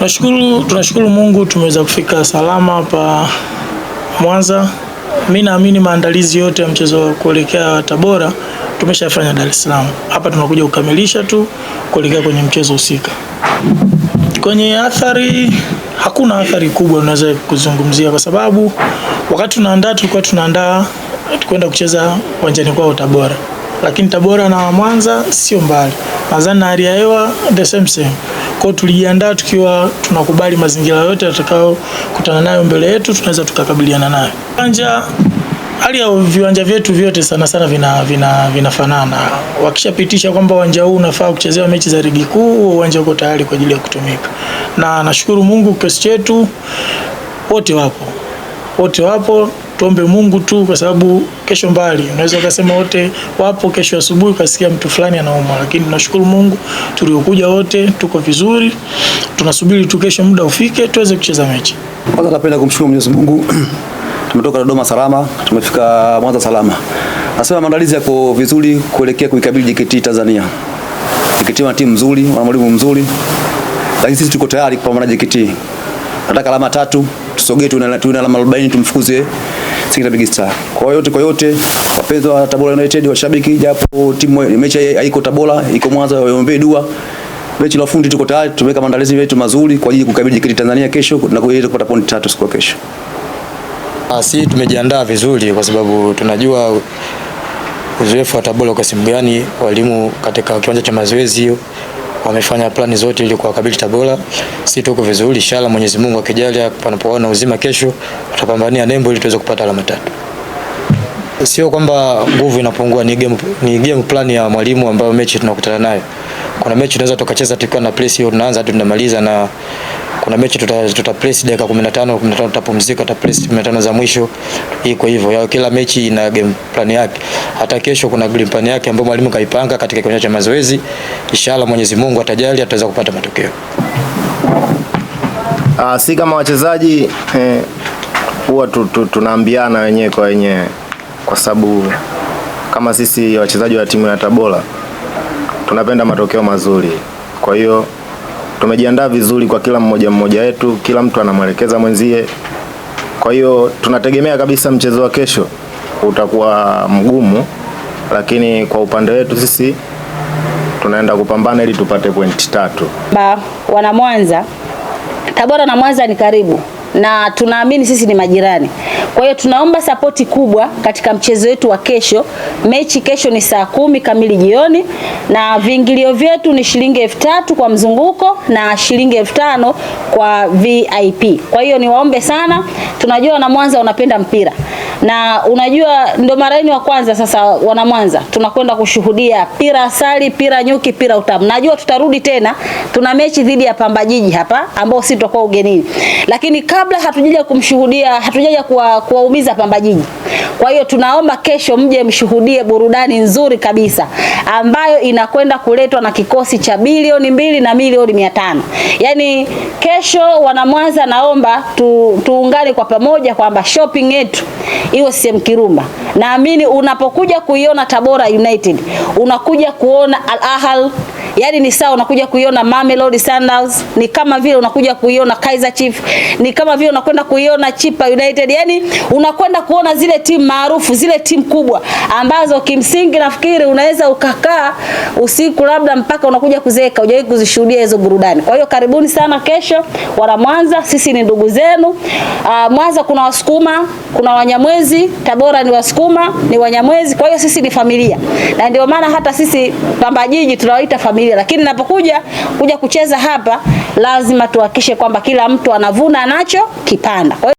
Tunashukuru, tunashukuru Mungu tumeweza kufika salama hapa Mwanza. Mimi naamini maandalizi yote ya mchezo wa kuelekea Tabora tumeshafanya Dar es Salaam. Hapa tunakuja kukamilisha tu kuelekea kwenye mchezo husika. Kwenye athari, hakuna athari kubwa unaweza kuzungumzia, kwa sababu wakati tunaandaa tulikuwa tunaandaa kwenda kucheza uwanjani kwao Tabora, lakini Tabora na Mwanza sio mbali, nadhani hali ya hewa the same same. Kwa tulijiandaa tukiwa tunakubali mazingira yote yatakao kutana nayo mbele yetu, tunaweza tukakabiliana nayo. Kwanza hali ya viwanja vyetu vyote sana sana vina vina vinafanana. Wakishapitisha kwamba uwanja huu unafaa kuchezewa mechi za ligi kuu, huo uwanja uko tayari kwa ajili ya kutumika, na nashukuru Mungu kesi chetu wote wapo, wote wapo. Tuombe Mungu tu kwa sababu kesho mbali. Unaweza ukasema wote wapo, kesho asubuhi ukasikia mtu fulani anaumwa, lakini tunashukuru Mungu tuliokuja wote tuko vizuri, tunasubiri tu kesho muda ufike tuweze kucheza mechi. Kwanza napenda kumshukuru Mwenyezi Mungu tumetoka Dodoma salama, tumefika Mwanza salama. Nasema maandalizi yako vizuri kuelekea kuikabili JKT Tanzania. JKT wana timu nzuri, wana mwalimu mzuri, lakini sisi tuko tayari kupambana na JKT. Nataka alama tatu, tusogee, tuna alama 40 tumfukuze si Big Star. Kwa yote kwa yote, wapenzi wa Tabora United, washabiki, japo timu mechi haiko Tabora, iko Mwanza, waombee dua. Mechi la fundi tuko tayari, tumeweka maandalizi yetu mazuri kwa ajili kukabili JKT Tanzania kesho na kuweza kupata pointi tatu siku ya kesho. Sisi ah, tumejiandaa vizuri kwa sababu tunajua uzoefu wa Tabora kwa simu gani, walimu katika kiwanja cha mazoezi amefanya plani zote ili kuwakabili Tabora. si tuko vizuri, inshallah Mwenyezi Mungu akijalia, panapoona uzima kesho tutapambania nembo ili tuweze kupata alama tatu. Sio kwamba nguvu inapungua, ni game, ni game plan ya mwalimu ambayo mechi tunakutana nayo. Kuna mechi tunaweza tukacheza tukiwa na press hiyo, tunaanza tu tunamaliza na kuna mechi tuta, tuta press dakika 15 15 tutapumzika, tuta press za mwisho. Iko hivyo, kila mechi ina game plan yake. Hata kesho kuna game plan yake ambayo mwalimu kaipanga katika kiwanja cha mazoezi. Inshallah Mwenyezi Mungu atajali, ataweza kupata matokeo. Uh, si kama wachezaji eh, huwa tunaambiana wenyewe kwa wenyewe, kwa sababu kama sisi wachezaji wa timu ya Tabora tunapenda matokeo mazuri, kwa hiyo tumejiandaa vizuri kwa kila mmoja mmoja wetu, kila mtu anamwelekeza mwenzie. Kwa hiyo tunategemea kabisa mchezo wa kesho utakuwa mgumu, lakini kwa upande wetu sisi tunaenda kupambana ili tupate pointi tatu. Ba, wana Mwanza, Tabora na Mwanza ni karibu na tunaamini sisi ni majirani. Kwa hiyo tunaomba sapoti kubwa katika mchezo wetu wa kesho. Mechi kesho ni saa kumi kamili jioni, na viingilio vyetu ni shilingi elfu tatu kwa mzunguko na shilingi elfu tano kwa VIP. Kwa hiyo niwaombe sana, tunajua na Mwanza unapenda mpira na unajua ndo mara yenu ya kwanza sasa, wana Mwanza, tunakwenda kushuhudia pira asali, pira nyuki, pira utamu. Najua tutarudi tena, tuna mechi dhidi ya Pamba Jiji hapa ambao sisi tutakuwa ugenini, lakini kabla hatujaja kumshuhudia, hatujaja kuwaumiza Pamba Jiji. Kwa hiyo tunaomba kesho mje mshuhudie burudani nzuri kabisa ambayo inakwenda kuletwa na kikosi cha bilioni mbili na milioni mia tano. Yaani kesho wana Mwanza, naomba tu, tuungane kwa pamoja kwamba shopping yetu iwe CCM Kirumba. Naamini unapokuja kuiona Tabora United unakuja kuona Al Ahly Yaani ni sawa unakuja kuiona Mamelodi Sundowns, ni kama vile unakuja kuiona Kaizer Chiefs, ni kama vile unakwenda kuiona Chipa United. Yaani unakwenda kuona zile timu maarufu, zile timu kubwa ambazo kimsingi nafikiri unaweza ukakaa usiku labda mpaka unakuja kuzeeka, hujawahi kuzishuhudia hizo burudani. Kwa hiyo karibuni sana kesho wana Mwanza, sisi ni ndugu zenu. Uh, Mwanza kuna Wasukuma, kuna Wanyamwezi, Tabora ni Wasukuma, ni Wanyamwezi. Kwa hiyo sisi ni familia. Na ndio maana hata sisi Pamba Jiji tunawaita familia familia, lakini napokuja kuja kucheza hapa, lazima tuhakikishe kwamba kila mtu anavuna anacho kipanda.